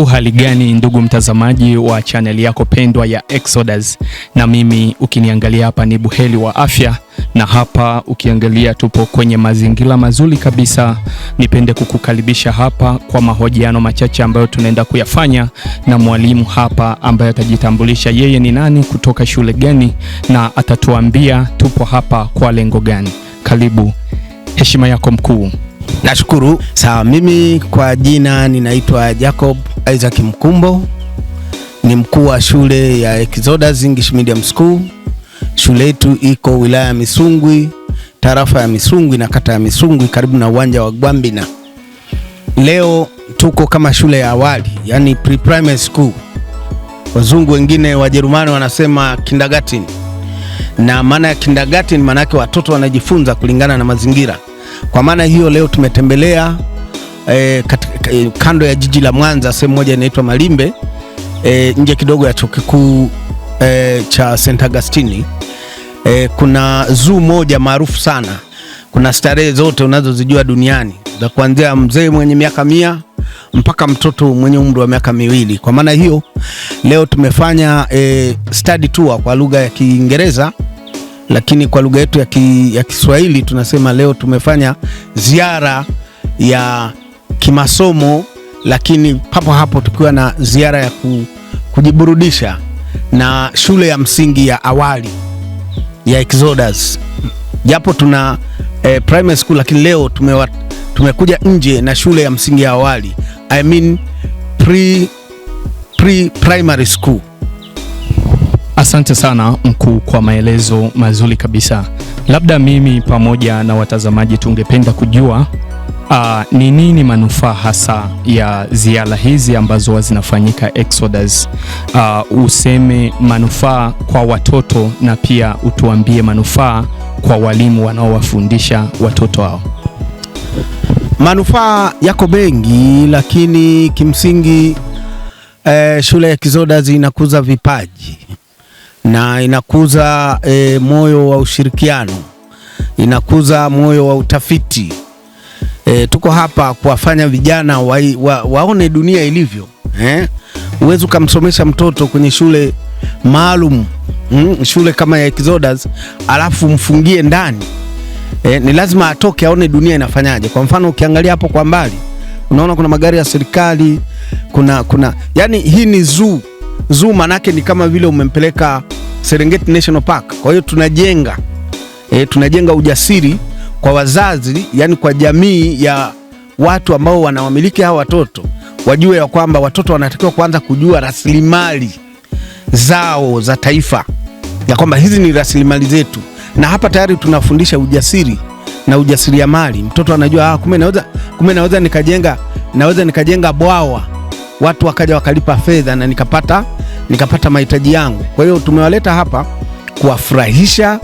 Uhali gani ndugu mtazamaji wa chaneli yako pendwa ya Exodus, na mimi ukiniangalia hapa ni buheli wa Afya, na hapa ukiangalia tupo kwenye mazingira mazuri kabisa. Nipende kukukaribisha hapa kwa mahojiano machache ambayo tunaenda kuyafanya na mwalimu hapa ambaye atajitambulisha yeye ni nani, kutoka shule gani, na atatuambia tupo hapa kwa lengo gani. Karibu, heshima yako mkuu. Nashukuru. Sawa, mimi kwa jina ninaitwa Jacob Isaac Mkumbo, ni mkuu wa shule ya Exodus English Medium School. Shule yetu iko wilaya ya Misungwi, tarafa ya Misungwi na kata ya Misungwi, karibu na uwanja wa Gwambina. Leo tuko kama shule ya awali, yani pre-primary school, wazungu wengine Wajerumani wanasema kindergarten, na maana ya kindergarten maana yake watoto wanajifunza kulingana na mazingira kwa maana hiyo leo tumetembelea e, kat, kando ya jiji la Mwanza sehemu moja inaitwa Malimbe e, nje kidogo ya chuo kikuu e, cha St Augustine e, kuna zoo moja maarufu sana. Kuna starehe zote unazozijua duniani za kuanzia mzee mwenye miaka mia mpaka mtoto mwenye umri wa miaka miwili. Kwa maana hiyo leo tumefanya e, study tour kwa lugha ya Kiingereza lakini kwa lugha yetu ya, ki, ya Kiswahili tunasema leo tumefanya ziara ya kimasomo, lakini papo hapo tukiwa na ziara ya ku, kujiburudisha na shule ya msingi ya awali ya Exodus. Japo tuna eh, primary school, lakini leo tumewa, tumekuja nje na shule ya msingi ya awali I mean pre, pre primary school Asante sana mkuu kwa maelezo mazuri kabisa. Labda mimi pamoja na watazamaji tungependa kujua ah, ni nini manufaa hasa ya ziara hizi ambazo huwa zinafanyika Exodus. Uh, useme manufaa kwa watoto na pia utuambie manufaa kwa walimu wanaowafundisha watoto hao. Manufaa yako mengi, lakini kimsingi eh, shule ya Exodus inakuza vipaji na inakuza e, moyo wa ushirikiano, inakuza moyo wa utafiti. E, tuko hapa kuwafanya vijana wa, wa, waone dunia ilivyo eh? Huwezi ukamsomesha mtoto kwenye shule maalum mm, shule kama ya Exodus alafu mfungie ndani e, ni lazima atoke aone dunia inafanyaje. Kwa mfano ukiangalia hapo kwa mbali unaona kuna magari ya serikali, kuna kuna yani hii ni zoo zoo, manake ni kama vile umempeleka Serengeti National Park. Kwa hiyo tunajenga e, tunajenga ujasiri kwa wazazi, yani kwa jamii ya watu ambao wanawamiliki hawa watoto wajue ya kwamba watoto wanatakiwa kuanza kujua rasilimali zao za taifa, ya kwamba hizi ni rasilimali zetu, na hapa tayari tunafundisha ujasiri na ujasiriamali. Mtoto anajua ah, kumbe naweza, kumbe naweza nikajenga, naweza nikajenga bwawa, watu wakaja wakalipa fedha na nikapata nikapata mahitaji yangu. Kwa hiyo tumewaleta hapa kuwafurahisha,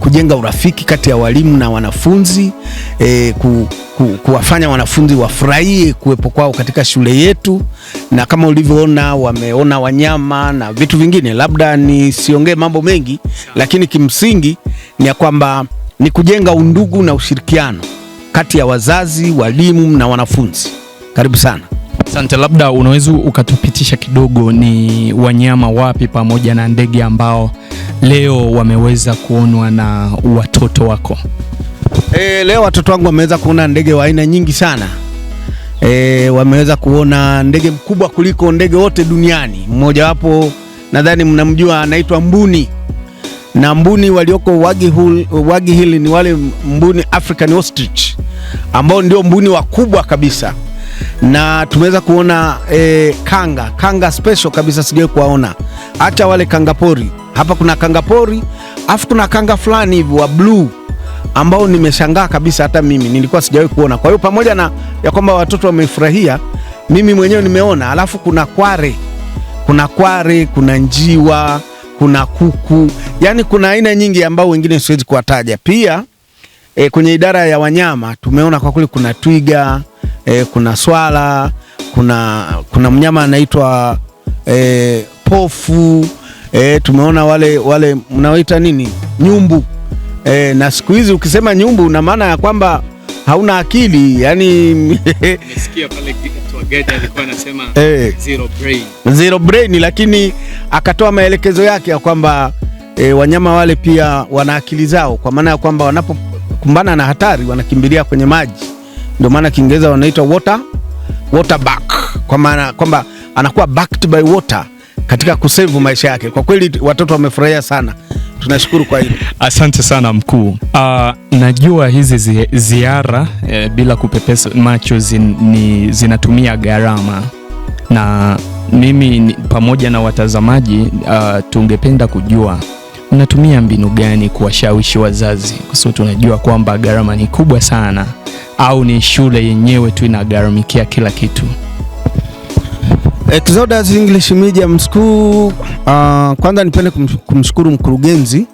kujenga urafiki kati ya walimu na wanafunzi e, ku, ku, kuwafanya wanafunzi wafurahie kuwepo kwao katika shule yetu, na kama ulivyoona wameona wanyama na vitu vingine. Labda nisiongee mambo mengi, lakini kimsingi ni ya kwamba ni kujenga undugu na ushirikiano kati ya wazazi, walimu na wanafunzi. Karibu sana. Asante, labda unaweza ukatupitisha kidogo, ni wanyama wapi pamoja na ndege ambao leo wameweza kuonwa na watoto wako? E, leo watoto wangu wameweza kuona ndege wa aina nyingi sana. E, wameweza kuona ndege mkubwa kuliko ndege wote duniani. Mmojawapo nadhani mnamjua anaitwa mbuni, na mbuni walioko Wagi Hill ni wale mbuni African ostrich ambao ndio mbuni wakubwa kabisa na tumeweza kuona e, kanga kanga special kabisa, sijai kuwaona hata wale kanga pori. Hapa kuna kanga pori afu kuna kanga fulani hivi wa bluu ambao nimeshangaa kabisa, hata mimi nilikuwa sijawahi kuona. Kwa hiyo pamoja na ya kwamba watoto wamefurahia, mimi mwenyewe nimeona. Alafu kuna kware, kuna kware, kuna njiwa, kuna kuku, yani kuna aina nyingi ambao wengine siwezi kuwataja. Pia e, kwenye idara ya wanyama tumeona kwa kweli kuna twiga e, kuna swala, kuna, kuna mnyama anaitwa e, pofu e, tumeona wale, wale mnaoita nini nyumbu e, na siku hizi ukisema nyumbu una maana ya kwamba hauna akili yani anasema zero brain. Zero brain lakini akatoa maelekezo yake ya kwamba e, wanyama wale pia wana akili zao, kwa maana ya kwamba wanapokumbana na hatari wanakimbilia kwenye maji ndio maana Kiingereza wanaitwa water, water back, kwa maana kwamba anakuwa backed by water katika kusevu maisha yake. Kwa kweli watoto wamefurahia sana, tunashukuru kwa hili. Asante sana mkuu. Uh, najua hizi zi, ziara eh, bila kupepesa macho zin, ni, zinatumia gharama na mimi pamoja na watazamaji uh, tungependa kujua mnatumia mbinu gani kuwashawishi wazazi, kwa sababu tunajua kwamba gharama ni kubwa sana au ni shule yenyewe tu inagharamikia kila kitu? Eh, Exodus English Medium School. Uh, kwanza nipende kumshukuru mkurugenzi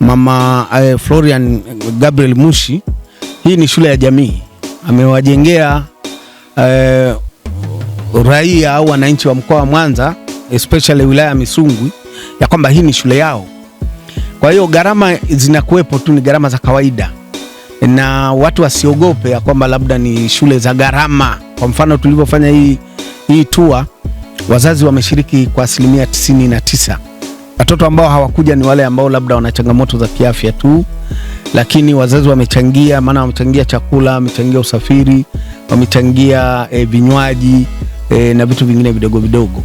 Mama uh, Florian Gabriel Mushi. Hii ni shule ya jamii, amewajengea uh, raia au wananchi wa mkoa wa Mwanza especially wilaya ya Misungwi ya kwamba hii ni shule yao. Kwa hiyo gharama zinakuwepo tu ni gharama za kawaida na watu wasiogope ya kwamba labda ni shule za gharama. Kwa mfano tulivyofanya hii, hii tua wazazi wameshiriki kwa asilimia tisini na tisa. Watoto ambao hawakuja ni wale ambao labda wana changamoto za kiafya tu, lakini wazazi wamechangia, maana wamechangia chakula, wamechangia usafiri, wamechangia e, vinywaji e, na vitu vingine vidogo vidogo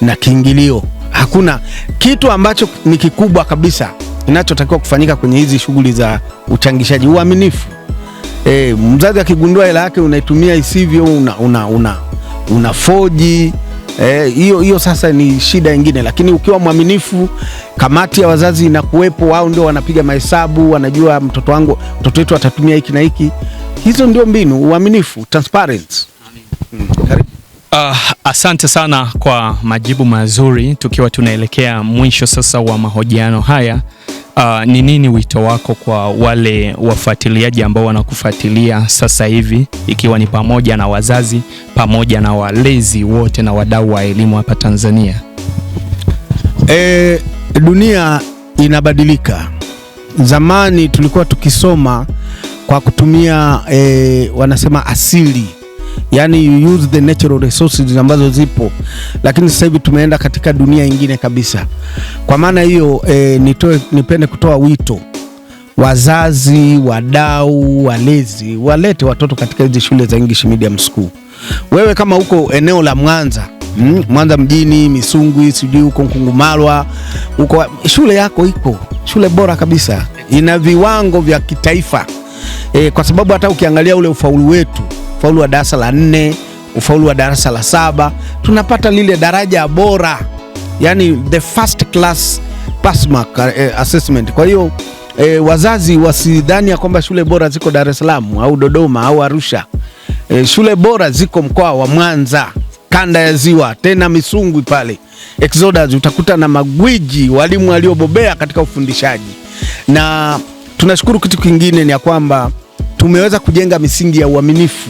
na kiingilio. Hakuna kitu ambacho ni kikubwa kabisa kinachotakiwa kufanyika kwenye hizi shughuli za uchangishaji uaminifu. E, mzazi akigundua hela yake unaitumia isivyo, una, una, una, una foji e, hiyo e, hiyo sasa ni shida nyingine, lakini ukiwa mwaminifu, kamati ya wazazi inakuwepo, wao ndio wanapiga mahesabu, wanajua mtoto wangu, mtoto wetu atatumia hiki na hiki. Hizo ndio mbinu, uaminifu, transparency. Uh, asante sana kwa majibu mazuri, tukiwa tunaelekea mwisho sasa wa mahojiano haya. Ah, ni nini wito wako kwa wale wafuatiliaji ambao wanakufuatilia sasa hivi ikiwa ni pamoja na wazazi pamoja na walezi wote na wadau wa elimu hapa Tanzania? E, dunia inabadilika. Zamani tulikuwa tukisoma kwa kutumia e, wanasema asili yani you use the natural resources ambazo zipo, lakini sasa hivi tumeenda katika dunia nyingine kabisa. Kwa maana hiyo e, nitoe nipende kutoa wito wazazi, wadau, walezi walete watoto katika hizi shule za English medium school. Wewe kama uko eneo la Mwanza mm, Mwanza mjini, Misungwi, sijui huko Nkungumalwa, uko shule yako iko shule bora kabisa, ina viwango vya kitaifa e, kwa sababu hata ukiangalia ule ufaulu wetu ufaulu wa darasa la nne, ufaulu wa darasa la saba, tunapata lile daraja bora, yani the first class pass mark eh, assessment. Kwa hiyo e, wazazi wasidhani ya kwamba shule bora ziko Dar es Salaam au Dodoma au Arusha. E, shule bora ziko mkoa wa Mwanza, kanda ya Ziwa, tena Misungwi pale Exodus, utakuta na magwiji walimu waliobobea katika ufundishaji. Na tunashukuru, kitu kingine ni ya kwamba tumeweza kujenga misingi ya uaminifu.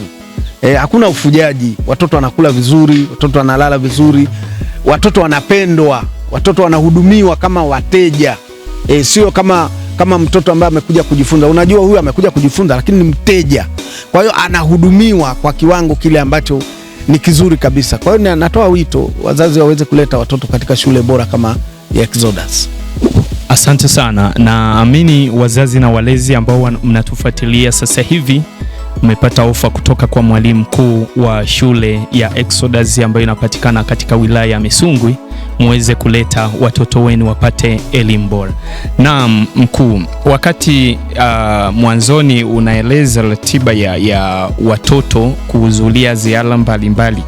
E, hakuna ufujaji. Watoto wanakula vizuri, watoto wanalala vizuri, watoto wanapendwa, watoto wanahudumiwa kama wateja e, sio kama kama mtoto ambaye amekuja kujifunza. Unajua huyu amekuja kujifunza, lakini ni mteja, kwa hiyo anahudumiwa kwa kiwango kile ambacho ni kizuri kabisa. Kwa hiyo natoa wito wazazi waweze kuleta watoto katika shule bora kama ya Exodus. Asante sana, naamini wazazi na walezi ambao mnatufuatilia sasa hivi umepata ofa kutoka kwa mwalimu mkuu wa shule ya Exodus ambayo inapatikana katika wilaya ya Misungwi, muweze kuleta watoto wenu wapate elimu bora. Naam mkuu, wakati uh, mwanzoni unaeleza ratiba ya, ya watoto kuhudhuria ziara mbalimbali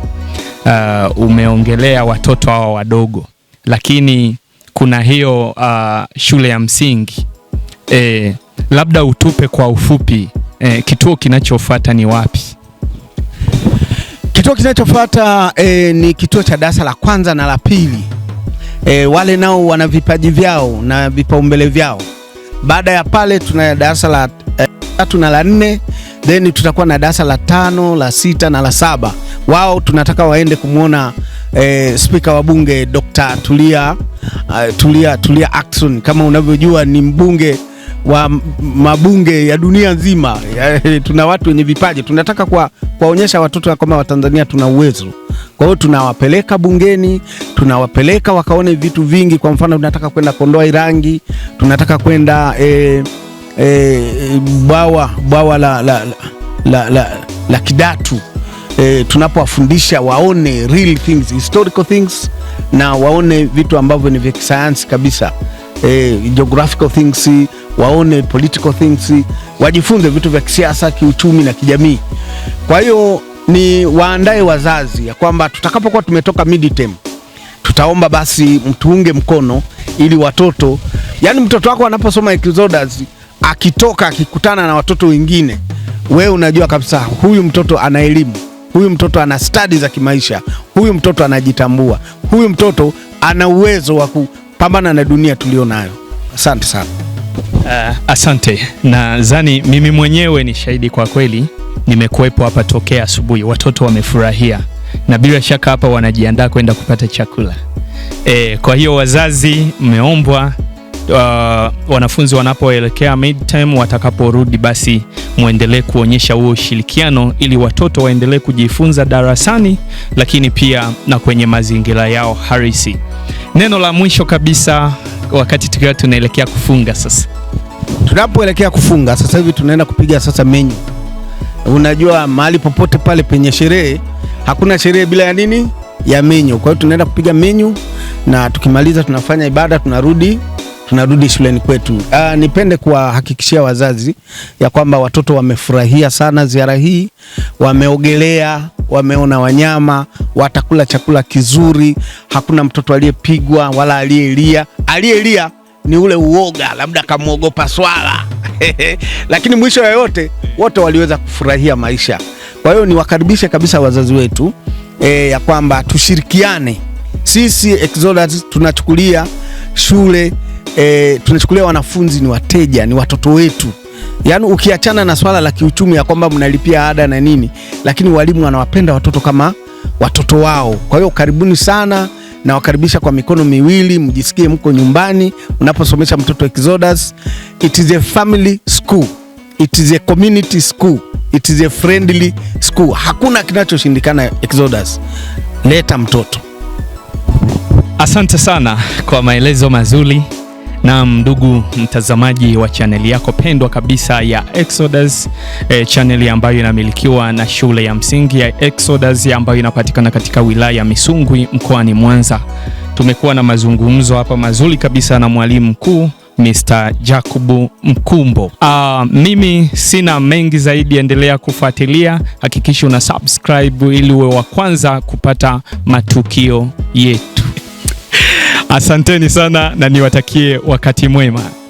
uh, umeongelea watoto hawa wadogo, lakini kuna hiyo uh, shule ya msingi eh, labda utupe kwa ufupi eh, kituo kinachofuata ni wapi? Kituo kinachofuata eh, ni kituo cha darasa la kwanza na la pili. Eh, wale nao wana vipaji vyao na vipaumbele vyao. Baada ya pale tuna darasa la eh, tatu na la nne, then tutakuwa na darasa la tano, la sita na la saba. Wao tunataka waende kumwona eh, spika wa bunge Dr. Tulia, uh, Tulia, Tulia Ackson kama unavyojua ni mbunge wa mabunge ya dunia nzima. Eh, tuna watu wenye vipaji, tunataka kuwaonyesha kwa watoto kama Watanzania tuna uwezo. Kwa hiyo tunawapeleka bungeni, tunawapeleka wakaone vitu vingi. Kwa mfano, tunataka kwenda Kondoa Irangi, tunataka kwenda e, e, bwawa bwawa la, la, la, la, la Kidatu. E, tunapowafundisha waone real things, historical things na waone vitu ambavyo ni vya kisayansi kabisa eh, geographical things, waone political things, wajifunze vitu vya kisiasa, kiuchumi na kijamii. Kwa hiyo ni waandae wazazi ya kwamba tutakapokuwa tumetoka midterm tutaomba basi mtuunge mkono ili watoto, yani mtoto wako anaposoma Exodus akitoka akikutana na watoto wengine, wewe unajua kabisa huyu mtoto ana elimu, huyu mtoto ana stadi za kimaisha, huyu mtoto anajitambua, huyu mtoto ana uwezo wa pambana na dunia tulionayo. Asante sana. Uh, asante. Nadhani mimi mwenyewe ni shahidi kwa kweli, nimekuwepo hapa tokea asubuhi, watoto wamefurahia na bila shaka hapa wanajiandaa kwenda kupata chakula e. Kwa hiyo wazazi mmeombwa, uh, wanafunzi wanapoelekea midterm, watakaporudi basi mwendelee kuonyesha huo ushirikiano ili watoto waendelee kujifunza darasani, lakini pia na kwenye mazingira yao harisi neno la mwisho kabisa, wakati tukiwa tunaelekea kufunga sasa. Tunapoelekea kufunga sasa hivi tunaenda kupiga sasa menyu. Unajua, mahali popote pale penye sherehe, hakuna sherehe bila ya nini? Ya menyu. Kwa hiyo tunaenda kupiga menyu na tukimaliza tunafanya ibada, tunarudi tunarudi shuleni kwetu. Aa, ah, nipende kuwahakikishia wazazi ya kwamba watoto wamefurahia sana ziara hii, wameogelea wameona wanyama, watakula chakula kizuri, hakuna mtoto aliyepigwa wala aliyelia. Aliyelia ni ule uoga, labda kamwogopa swala lakini mwisho yoyote wote waliweza kufurahia maisha. Kwa hiyo niwakaribishe kabisa wazazi wetu e, ya kwamba tushirikiane sisi Exodus tunachukulia shule e, tunachukulia wanafunzi ni wateja, ni watoto wetu yaani ukiachana na swala la kiuchumi ya kwamba mnalipia ada na nini, lakini walimu wanawapenda watoto kama watoto wao. Kwa hiyo karibuni sana, nawakaribisha kwa mikono miwili, mjisikie mko nyumbani unaposomesha mtoto Exodus. It is a family school, it is a community school, it is a friendly school. Hakuna kinachoshindikana Exodus, leta mtoto. Asante sana kwa maelezo mazuri. Naam, ndugu mtazamaji wa chaneli yako pendwa kabisa ya Exodus e, eh, chaneli ambayo inamilikiwa na shule ya msingi ya Exodus ambayo inapatikana katika wilaya ya Misungwi mkoani Mwanza. Tumekuwa na mazungumzo hapa mazuri kabisa na mwalimu mkuu Mr. Jacob Mkumbo. Uh, mimi sina mengi zaidi, endelea kufuatilia, hakikisha una subscribe ili uwe wa kwanza kupata matukio yetu. Asanteni sana na niwatakie wakati mwema.